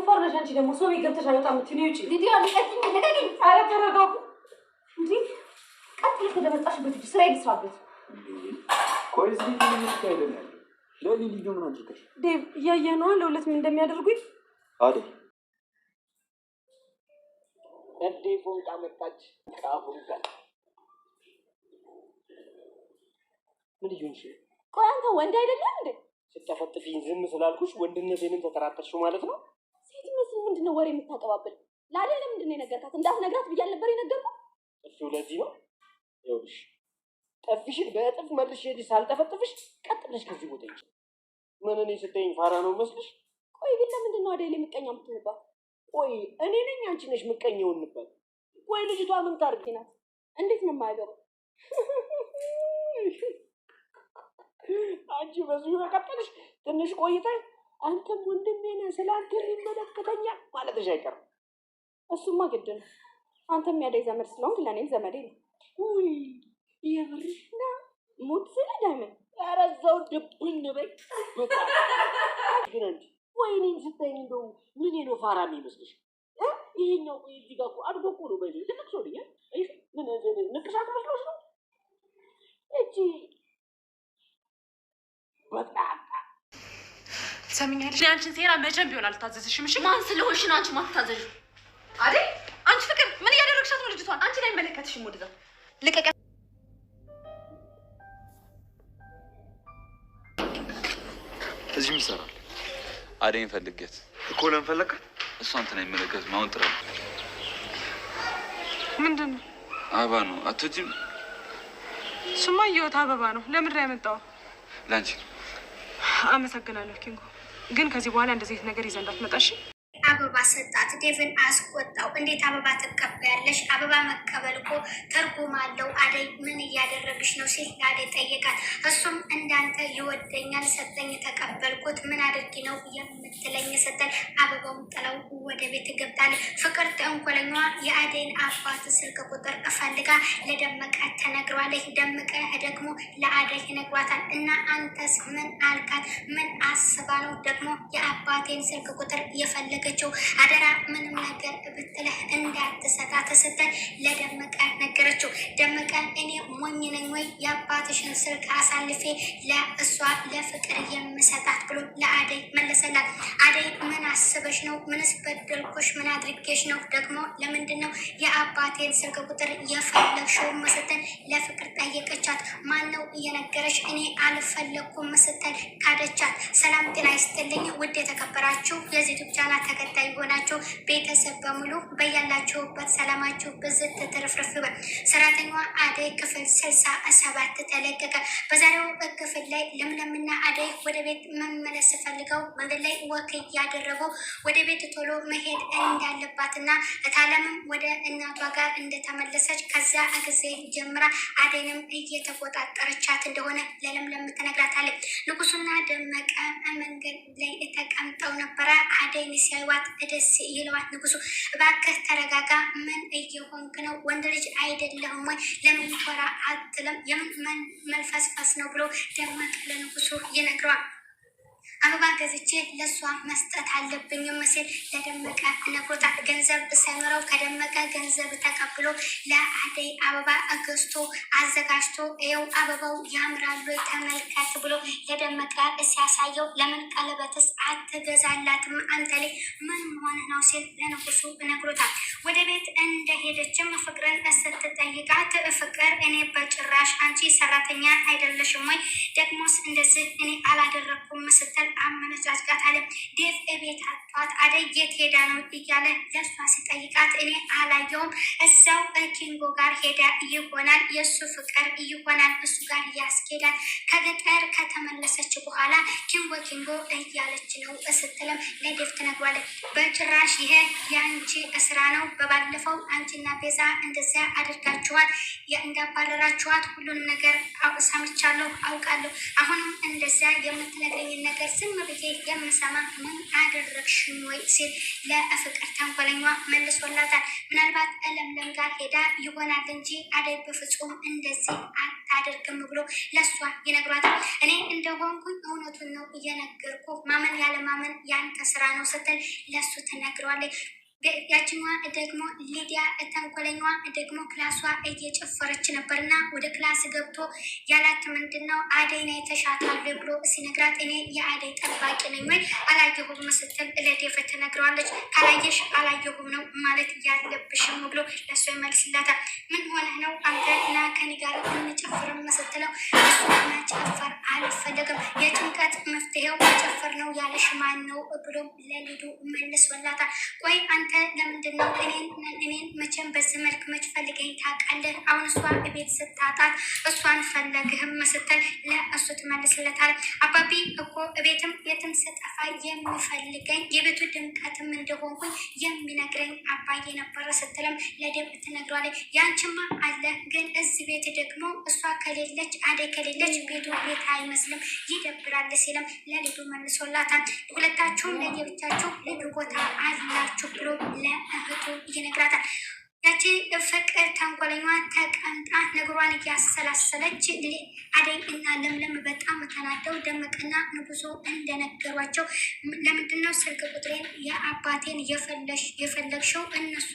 ደፋር ነሽ አንቺ። ደግሞ ሰው ቤት ገብተሽ አልወጣም እምትይው ውጪ። ኧረ ተረጋጉ እንዴ! ቀጥ ስራ ቆይ እዚህ ልጁ ምን አድርገሽ ዴቭ? እያየህ ነዋ ለሁለት ምን እንደሚያደርጉኝ እንዴ ፎንቃ መጣች። ምን ይሁንሽ? ቆይ አንተ ወንድ አይደለም እንዴ? ስጨፈጥፊኝ ዝም ስላልኩሽ ወንድነቴንም ተጠራጠርሽው ማለት ነው? ምንድነው ወሬ የምታቀባብል? ላሌ ለምንድን ነው የነገርካት? እንዳትነግራት ብያል ነበር የነገርኩት። እሱ ለዚህ ነው ይኸውልሽ፣ ጠፊሽን በእጥፍ መልሽ ሄድ ሳልጠፈጥፍሽ ቀጥ ብለሽ ከዚህ ቦታ ይች ምን እኔ ስትይኝ ፋራ ነው መስልሽ? ቆይ ግን ለምንድን ነው አደሌ ምቀኛ የምትሆንባት? ቆይ እኔ ነኝ አንቺ ነሽ ምቀኛው እንባል? ቆይ ልጅቷ ምን ታርጊ ናት? እንዴት ነው የማያገባው? አንቺ በዚሁ በቀጠልሽ ትንሽ ቆይተሽ አንተም ወንድሜ ነህ፣ ስለ አንተ የሚመለከተኛል ማለትሽ አይቀርም። እሱማ ግድ ነው። አንተም ያደይ ዘመድ ስለሆንክ ለእኔም ዘመዴ ነው። ውይ የብርሽና ሞት ስለ ዳይመን ያረዛው ድብን በይ ግን ወይኔን ስታይ እንደው ምን ነው ፋራ የሚመስልሽ? ይሄኛው እዚህ ጋር እኮ አድጎ እኮ ነው በይ ልክ ሰው ልኛ ምን ንቅሳት ትሰሚኛለሽ? አንቺን ሴራ መቼም ቢሆን አልታዘዝሽም። እሺ ማን ስለሆንሽ ነው አንቺ ማትታዘዥ? አዴ አንቺ ፍቅር ምን እያደረግሻት ነው ልጅቷን? አንቺ ላይ አይመለከትሽም። ወደዛ ልቀቂያት። እዚህ ምን ይሰራል? አደይን ፈልጌት እኮ ለምን ፈለግካት? እሷ እንትን አይመለከትም። አሁን ጥራ ምንድን ነው? አበባ ነው አትወጂም? ስማ እየወጣ አበባ ነው። ለምድር ያመጣው ለአንቺ። አመሰግናለሁ ኪንጎ ግን ከዚህ በኋላ እንደዚህ ነገር ይዘንዳት እንዳትመጣ አስወጣት። ዴቭን አስቆጣው። እንዴት አበባ ትቀበያለሽ? አበባ መቀበል እኮ ትርጉም አለው። አደይ ምን እያደረግሽ ነው ሲል ለአደይ ጠየቃት። እሱም እንዳንተ ይወደኛል ሰጠኝ፣ የተቀበልኩት ምን አድርጊ ነው የምትለኝ ስትል አበባውን ጥለው ወደ ቤት ገብታል። ፍቅር ተንኮለኛ የአደይን አባት ስልክ ቁጥር ፈልጋ ለደመቀ ተነግሯለች። ደመቀ ደግሞ ለአደይ ይነግሯታል። እና አንተስ ምን አልካት? ምን አስባ ነው ደግሞ የአባቴን ስልክ ቁጥር የፈለገችው? አደራ ምንም ነገር ብትለህ እንዳትሰጣ ተሰተ ለደመቀ ነገረችው። ደመቀ እኔ ሞኝ ነኝ ወይ የአባትሽን ስልክ አሳልፌ ለእሷ ለፍቅር የምሰጣት ብሎ ለአደይ መለሰላት። ምን አስበሽ ነው? ምንስ በደልኩሽ? ምን አድርጌሽ ነው? ደግሞ ለምንድን ነው የአባቴን ስልክ ቁጥር የፈለግሽውን ስትል ለፍቅር ጠየቀቻት። ማን ነው እየነገረሽ? እኔ አልፈለግኩም ስትል ካደቻት። ሰላም ጤና ይስጥልኝ ውድ የተከበራችሁ የዚህ ቻናል ተከታይ የሆናችሁ ቤተሰብ በሙሉ በያላችሁበት ሰላማችሁ ብዝት ትርፍርፍ ይበል። ሰራተኛዋ አደይ ክፍል ስልሳ ሰባት ተለቀቀ። በዛሬው ክፍል ላይ ለምለምና አደይ ወደ ቤት መመለስ ፈልገው መንገድ ላይ ወክ እያደረጉ ወደ ቤት ቶሎ መሄድ እንዳለባትና እታለምም ወደ እናቷ ጋር እንደተመለሰች ከዛ ጊዜ ጀምራ አደይንም እየተቆጣጠረቻት እንደሆነ ለለምለም ትነግራታለች። ንጉሱና ደመቀ መንገድ ላይ ተቀምጠው ነበረ። አደይን ሲያይዋት ደስ ይለዋት። ንጉሱ እባክህ ተረጋጋ፣ ምን እየሆንክ ነው? ወንድ ልጅ አይደለም ወይ? ለምን ኮራ አትልም? የምን መንፈስፈስ ነው ብሎ ደመቀ ለንጉሱ ይነግረዋል። አበባ ገዝቼ ለእሷ መስጠት አለብኝም ሲል ለደመቀ ነግሮታል። ገንዘብ ሳይኖረው ከደመቀ ገንዘብ ተቀብሎ ለአደይ አበባ ገዝቶ አዘጋጅቶ ይኸው አበባው ያምራሉ ተመልከት ብሎ ለደመቀ ሲያሳየው ለምን ቀለበትስ አትገዛላትም አንተ ላይ ምን መሆን ነው ሲል ለንጉሱ ነግሮታል። ወደ ቤት እንደሄደችም ፍቅርን እስ ስጠይቃት ፍቅር እኔ በጭራሽ አንቺ ሰራተኛ አይደለሽም ወይ ደግሞስ እንደዚህ እኔ አላደረግኩም ስትል አመነጫጭቃታለች። ዴፍ እቤት አጥቷት አደይ የት ሄዳ ነው እያለ ለሷ ሲጠይቃት እኔ አላየውም እዛው ኪንጎ ጋር ሄዳ ይሆናል የእሱ ፍቅር ይሆናል እሱ ጋር ያስኬዳል። ከገጠር ከተመለሰች በኋላ ኪንጎ ኪንጎ እያለች ነው ስትልም ለዴፍ ትነግሯለች። በጭራሽ ይሄ የአንቺ ስራ ነው። በባለፈው አንቺና ቤዛ እንደዚያ አድርጋል እንዳስወጣችኋት፣ እንዳባረራችኋት ሁሉንም ነገር ሰምቻለሁ፣ አውቃለሁ። አሁንም እንደዚያ የምትነግረኝን ነገር ዝም ብዬ የምሰማ ምን አደረግሽን ወይ ሲል ለፍቅር ተንኮለኛ መልሶላታል። ምናልባት ለምለም ጋር ሄዳ ይሆናል እንጂ አደይ በፍጹም እንደዚህ አታደርግም ብሎ ለእሷ ይነግሯታል። እኔ እንደሆንኩኝ እውነቱን ነው እየነገርኩ ማመን ያለማመን ያንተ ስራ ነው ስትል ለሱ ትነግረዋለች። ያችኛዋ ደግሞ ሊዲያ ተንኮለኛዋ ደግሞ ክላሷ እየጨፈረች ነበር ወደ ክላስ ገብቶ ያላት ምንድን ነው አደይ ና ብሎ ሲነግራት እኔ የአደይ ጠባቂ ነኝ ወይ አላየሁም ስትል ለዴቭ ትነግረዋለች። ካላየሽ አላየሁም ነው ማለት ያለብሽም ብሎ ለእሷ ይመልስላታል። ምን ሆነ ነው አንተ ና ከኔ ጋር እንጨፍርም ስትለው እሱ ጨፈር አልፈለግም የጭንቀት መፍትሄው ነገር ነው ያለሽ ማን ነው ብሎም ለልዱ መልሶላታል። ቆይ አንተ ለምንድን ነው እኔን መቼም በዚህ መልክ መች ፈልገኝ ታውቃለህ? አሁን እሷ ቤት ስታጣት እሷን ፈለግህም መስተል ለእሱ ትመልስለታል። አባቢ እኮ እቤትም የትም ስጠፋ የሚፈልገኝ የቤቱ ድምቀትም እንደሆንኩኝ የሚነግረኝ አባዬ ነበረ ስትልም ለደብ ትነግሯለች። ያንችማ አለ ግን እዚህ ቤት ደግሞ እሷ ከሌለች አደ ከሌለች ቤቱ ቤት አይመስልም ይደብራል ሲልም ለልዱ መልሶ መልሶላታል። ሁለታችሁም ለየብቻችሁ ልዩ ቦታ አላችሁ ብሎ ለእህቱ ይነግራታል። ያቺ ፍቅር ተንኮለኛ ተቀምጣ ነገሯን እያሰላሰለች አደይ እና ለምለም በጣም ተናደው ደመቀና ንጉሶ እንደነገሯቸው ለምንድነው ስልክ ቁጥሬን የአባቴን የፈለግሽው እነሱ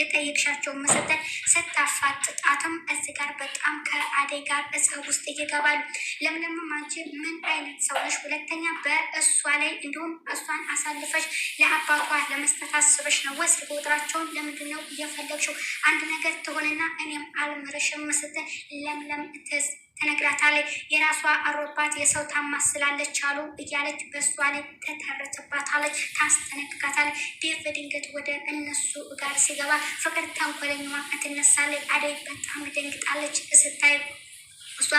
የጠየቅሻቸውን መሰጠት ስታፋጥጣትም እዚህ ጋር በጣም ከአደይ ጋር እፀብ ውስጥ እየገባሉ። ለምለምም አንቺ ምን አይነት ሰው ነሽ? ሁለተኛ በእሷ ላይ እንዲሁም እሷን አሳልፈሽ ለአባቷ ለመስጠት አስበሽ ነው ወስድ ቁጥራቸውን ለምንድን ነው እየፈለግሽው? አንድ ነገር ትሆንና እኔም አልምርሽም መሰጠን ለምለም ትዝ ተነግራታለች። የራሷ አሮባት የሰው ታማስላለች አሉ እያለች በእሷ ላይ ተታረተባታለች፣ ታስጠነቅቃታለች። ዴቭ በድንገት ወደ እነሱ ጋር ሲገባ ፍቅር ተንኮለኛዋ ትነሳለች። አደይ በጣም ደንግጣለች ስታይ እሷ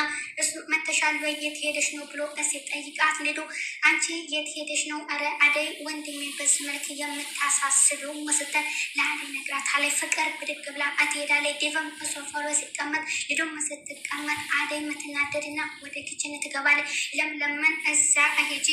እሱ መተሻል ወይ የት ሄደሽ ነው ብሎ ጠይቃት ልዶ አንቺ የት ሄደሽ ነው? ኧረ አደይ ወንድሜን በዚህ መልክ የምታሳስበው መስተን ለአደይ ነግራታለች። ፍቅር ብድግ ብላ አትሄዳ ላይ ሶፋ ላይ ሲቀመጥ ልዶ ስትቀመጥ አደይ የምትናደድና ወደ ኪችን ትገባለ ለምለምን እዛ ሂጂ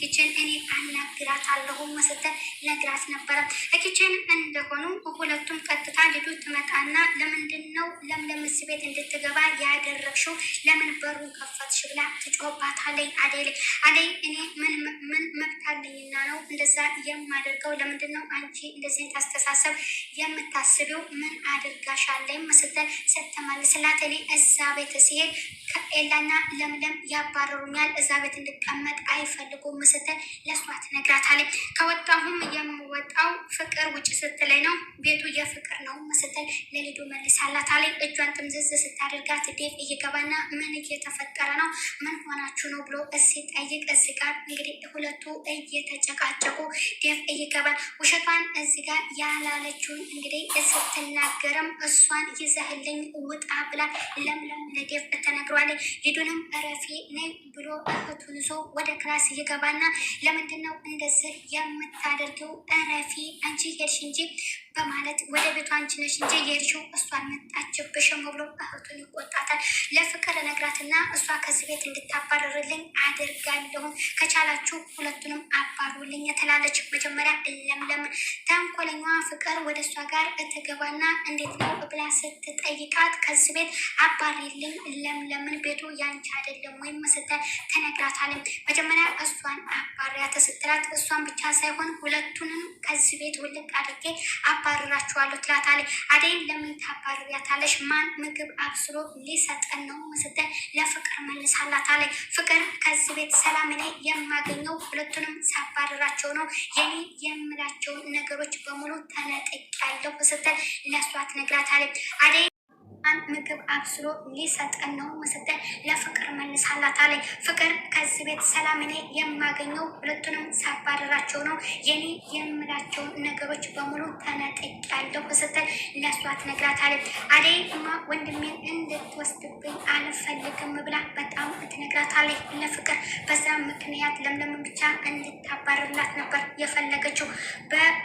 ኪችን እኔ አናግራት አለሁ መስተን ነግራት ነበረ። ኪችን እንደሆኑ ሁለቱም ቀጥታ ልዱ ትመጣና ለምንድን ነው ለምለም ቤት እንድትገባ ያደረግሽው? ለምን በሩን ከፈትሽ ብላ ትጮባታለች። አደይ አደይ እኔ ምን መብት አለኝና ነው እንደዛ የማደርገው? ለምንድን ነው አንቺ እንደዚህ አስተሳሰብ የምታስቢው? ምን አድርጋሻለኝ? ስትል ስትመልስላት እኔ እዛ ቤት ሲሄድ ከኤላና ለምለም ያባረሩኛል፣ እዛ ቤት እንድቀመጥ አይፈልጉም ስትል ለሷ ትነግራታለች። ከወጣሁም የምወጣው ፍቅር ውጭ ስትለኝ ነው ቤቱ የፍቅር ነው ስትል ለልዱ መልሳላት እጇን ጥምዝዝ ስታደርጋት ዴፍ እየገባና ምን እየተፈጠረ ነው? ምን ሆናችሁ ነው ብሎ ጠይቅ። እዚህ ጋር እንግዲህ ሁለቱ እየተጨቃጨቁ ደፍ እይገባል። ውሸቷን እዚህ ጋር ያላለችውን እንግዲህ ስትናገርም እሷን ይዘህልኝ ውጣ ብላ ለምለም ለደፍ ተነግሯለች። ሂዱንም ረፊ ነኝ ብሎ እህቱን ይዞ ወደ ክላስ ይገባና ለምንድን ነው እንደዚህ የምታደርገው? ረፊ አንቺ ሄድሽ እንጂ በማለት ወደ ቤቷ አንቺ ነሽ እንጂ የሄድሽው እሷ አልመጣችብሽም ብሎ እህቱን ይቆጣታል። ለፍቅር ነግራትና እሷ ከዚህ ቤት እንድታባረርልኝ አደርጋለሁም ከቻላችሁ ሁለቱንም አባሩልኝ የተላለች መጀመሪያ ለምለም ተንኮለኛዋ ፍቅር ወደ እሷ ጋር እትገባና እንዴት ነው ብላ ስትጠይቃት ከዚህ ቤት አባሪልኝ ለምለምን ቤቱ ያንቺ አይደለም ወይም ስትል ተነግራታልም። መጀመሪያ እሷን አባሪያ ስትላት እሷን ብቻ ሳይሆን ሁለቱንም ከዚህ ቤት ውልቅ አድርጌ አባ አባርራችኋለሁ ትላታለች። አደይን ለምን ታባርሪያታለሽ? ማን ምግብ አብስሎ ሊሰጠን ነው ስትል ለፍቅር መልሳላታለች። ፍቅር ከዚህ ቤት ሰላም እኔ የማገኘው ሁለቱንም ሳባርራቸው ነው የኔ የምላቸውን ነገሮች በሙሉ ተነጥቅ ያለው ስትል ለሷ ትነግራታለች። አደይ ምግብ አብስሎ ሊሰጠን ነው። መሰጠን ለፍቅር መልሳላት አለኝ። ፍቅር ከዚህ ቤት ሰላም እኔ የማገኘው ሁለቱንም ሳባረራቸው ነው። የኔ የምላቸውን ነገሮች በሙሉ ተነጥቄያለሁ። መሰጠን ለሷት ነግራት አለኝ። አደይ እማ ወንድሜን እንድትወስድብኝ አልፈልግም ብላ በጣም ትነግራት ለፍቅር። በዛ ምክንያት ለምለምን ብቻ እንድታባርላት ነበር የፈለገችው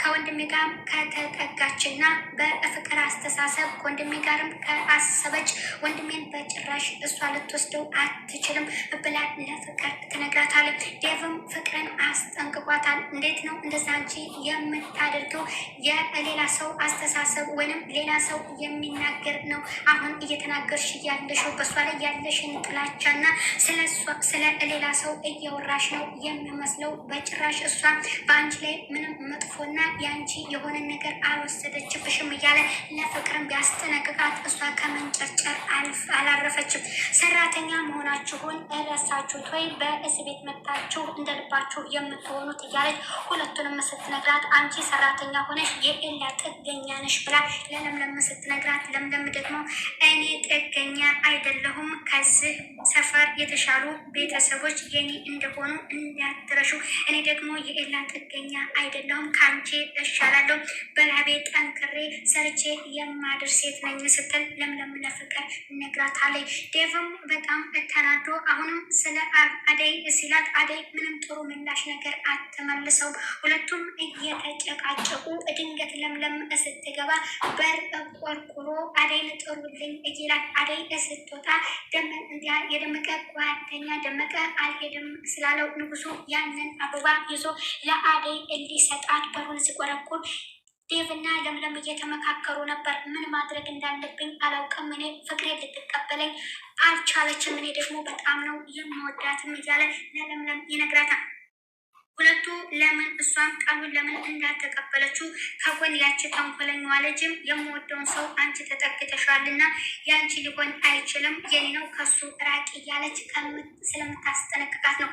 ከወንድሜ ጋር ከተጠጋ እና በፍቅር አስተሳሰብ ከወንድሜ ጋርም ከአሰበች ወንድሜን በጭራሽ እሷ ልትወስደው አትችልም ብላ ለፍቅር ትነግራታለች። ዴቭም ፍቅርን አስጠንቅቋታል። እንዴት ነው እንደዛ አንቺ የምታደርገው የሌላ ሰው አስተሳሰብ ወይንም ሌላ ሰው የሚናገር ነው አሁን እየተናገርሽ ያለሽው በእሷ ላይ ያለሽን ጥላቻና ስለ ሌላ ሰው እያወራሽ ነው የሚመስለው። በጭራሽ እሷ በአንቺ ላይ ምንም መጥፎና የአንቺ የሆነ ነገር አልወሰደ አልወሰደችብሽም እያለ ለፍቅርም ቢያስጠነቅቃት እሷ ከመንጨርጨር አላረፈችም። ሰራተኛ መሆናችሁን ረሳችሁት ወይ? በእስር ቤት መጣችሁ እንደ ልባችሁ የምትሆኑት እያለች ሁለቱንም ስትነግራት አንቺ ሰራተኛ ሆነሽ የኤላ ጥገኛ ነሽ ብላ ለለምለም ስትነግራት፣ ለምለም ደግሞ እኔ ጥገኛ አይደለሁም ከዚህ ሰፈር የተሻሉ ቤተሰቦች የኔ እንደሆኑ እንዳትረሹ፣ እኔ ደግሞ የኤላን ጥገኛ አይደለሁም ከአንቺ እሻላለሁ በላቤ ጠንክሬ ሰርቼ የማድር ሴት ነኝ ስትል ለምለም ለፍቅር ነግራታለች። ዴቭም በጣም ተናዶ አሁንም ስለ አደይ ሲላት አደይ ምንም ጥሩ ምላሽ ነገር አትመልሰው። ሁለቱም እየተጨቃጨቁ ድንገት ለምለም ስትገባ በር ቆርቁሮ አደይን ጥሩልኝ እይላት። አደይ ስትወጣ የደመቀ ጓደኛ ደመቀ አልሄድም ስላለው ንጉሱ ያንን አበባ ይዞ ለአደይ እንዲሰጣት በሩን ሲቆረቁር ዴቭ እና ለምለም እየተመካከሩ ነበር። ምን ማድረግ እንዳለብኝ አላውቅም። እኔ ፍቅሬ ልትቀበለኝ አልቻለችም። እኔ ደግሞ በጣም ነው የምወዳትም እያለ ለለምለም ይነግራታል። ሁለቱ ለምን እሷም ቃሉን ለምን እንዳልተቀበለችው ከጎን ያቺ ተንኮለኛዋ ልጅም የምወደውን ሰው አንቺ ተጠግተሻል ያንቺ የአንቺ ሊሆን አይችልም የኔ ነው ከሱ ራቅ እያለች ስለምታስጠነቅቃት ነው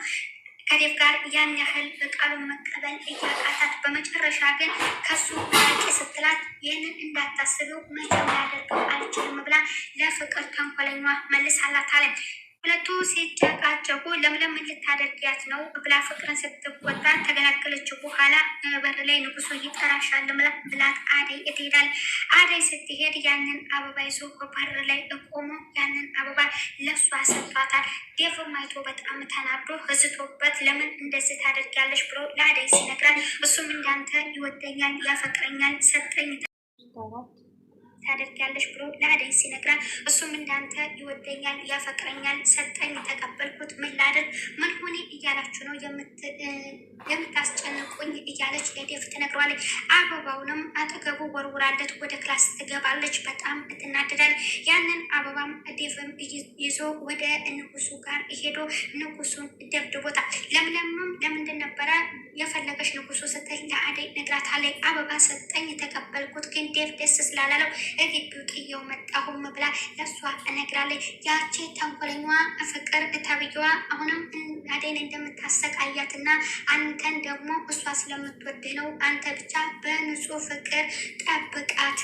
ከዴፍ ጋር ያን ያህል በቃሉን መቀበል እያቃታት፣ በመጨረሻ ግን ከሱ ራቂ ስትላት ይህንን እንዳታስበው መቼም ላደርገው አልችልም ብላ ለፍቅር ተንኮለኛ መልሳላት አለን። ሁለቱ ሲጨቃጨቁ ለምለም ልታደርጊያት ነው ብላ ፍቅርን ስትቆጣ ተገላገለችው። በኋላ በር ላይ ንጉሱ ይጠራሻል ብላት አደይ ትሄዳል። አደይ ስትሄድ ያንን አበባ ይዞ በር ላይ ቆሞ ያንን አበባ ለሱ ሰጥቷታል። ዴቭም በጣም ተናዶ ህዝቶበት ለምን እንደዚህ ታደርጊያለሽ ብሎ ለአደይ ሲነግራል እሱም እንዳንተ ይወደኛል፣ ያፈቅረኛል ሰጠኝ ታደርጊያለሽ ብሎ ለአደይ ሲነግራት እሱም እንዳንተ ይወደኛል፣ ያፈቅረኛል፣ ሰጠኝ፣ ተቀበልኩት፣ ምን ላደርግ ምን ሆኔ እያላችሁ ነው የምታስጨንቁኝ እያለች ለዴፍ ትነግረዋለች። አበባውንም አጠገቡ ወርውራለት ወደ ክላስ ትገባለች። በጣም እትናደዳል። ያንን አበባም ዴፍም ይዞ ወደ ንጉሱ ጋር ሄዶ ንጉሱን ደብድቦታል። ለምለምም ለምንድን ነበረ የፈለገች ንጉሱ ስትል ለአደይ ነግራታለች። አበባ ሰጠኝ፣ ተቀበልኩት ግን ዴፍ ደስ ስላላለው በግቢው ጥየው መጣሁም ብላ ለእሷ እነግራለች። ያቺ ተንኮለኛዋ ፍቅር ተብዬዋ አሁንም አደይን እንደምታሰቃያትና አንተን ደግሞ እሷ ስለምትወድህ ነው። አንተ ብቻ በንጹህ ፍቅር ጠብቃት፣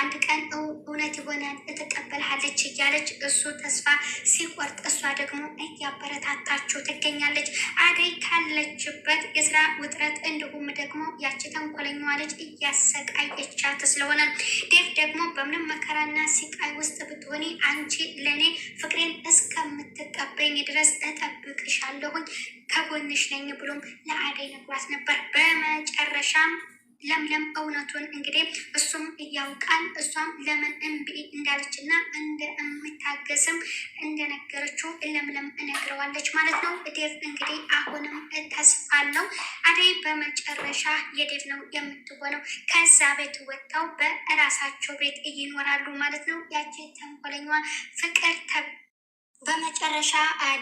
አንድ ቀን እውነት የሆነ ትቀበልሃለች እያለች እሱ ተስፋ ሲቆርጥ እሷ ደግሞ እያበረታታችሁ ትገኛለች። አደይ ካለችበት የስራ ውጥረት እንዲሁም ደግሞ ያቺ ተንኮለኛዋ ልጅ እያሰቃየቻት ስለሆነ ዴቭ ደግሞ በምንም መከራና ስቃይ ውስጥ ብትሆኒ አንቺ ለእኔ ፍቅሬን እስከምትቀበኝ ድረስ እጠብቅሻለሁኝ ከጎንሽ ነኝ ብሎም ለአደይ ነግሯት ነበር። በመጨረሻም ለምለም እውነቱን እንግዲህ እሱም እያውቃል እሷም ለምን እምቢ እንዳለች እና እንደምታገስም እንደነገረችው ለምለም እነግረዋለች ማለት ነው። ዴቭ እንግዲህ አሁንም ተስፋ አለው። አደይ በመጨረሻ የዴቭ ነው የምትሆነው። ከዛ ቤት ወጥተው በራሳቸው ቤት ይኖራሉ ማለት ነው። ያቺ ተንኮለኛ ፍቅር ተብ በመጨረሻ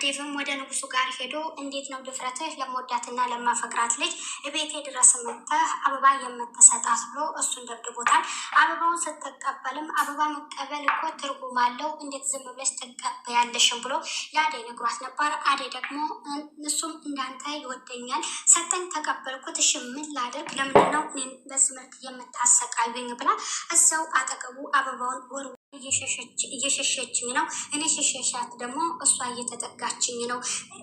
ዴቭም ወደ ንጉሱ ጋር ሄዶ እንዴት ነው ድፍረትህ ለመወዳትና ለማፈቅራት ልጅ ቤቴ ድረስ መጥተህ አበባ የምትሰጣት ብሎ እሱን ደብድቦታል። አበባውን ስትቀበልም አበባ መቀበል እኮ ትርጉም አለው እንዴት ዝም ብለሽ ትቀበያለሽም ብሎ ለአዴ ነግሯት ነበር። አዴ ደግሞ እሱም እንዳንተ ይወደኛል፣ ሰጠኝ፣ ተቀበልኩት፣ እሺ ምን ላድርግ? ለምንድነው በዚህ መልክ የምታሰቃዩኝ? ብላ እዛው አጠገቡ አበባውን ወር እየሸሸችኝ ነው። እኔ ሸሸሻት ደግሞ እሷ እየተጠጋችኝ ነው።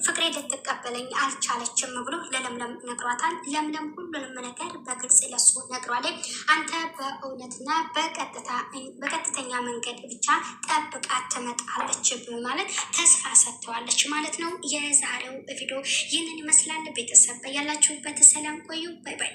ፍቅሬ ልትቀበለኝ አልቻለችም ብሎ ለለምለም ነግሯታል። ለምለም ሁሉንም ነገር በግልጽ ለሱ ነግሯል። አንተ በእውነትና በቀጥተኛ መንገድ ብቻ ጠብቃ ትመጣለች በማለት ተስፋ ሰጥተዋለች ማለት ነው። የዛሬው ቪዲዮ ይህንን ይመስላል። ቤተሰብ በያላችሁበት ሰላም ቆዩ። ባይ ባይ።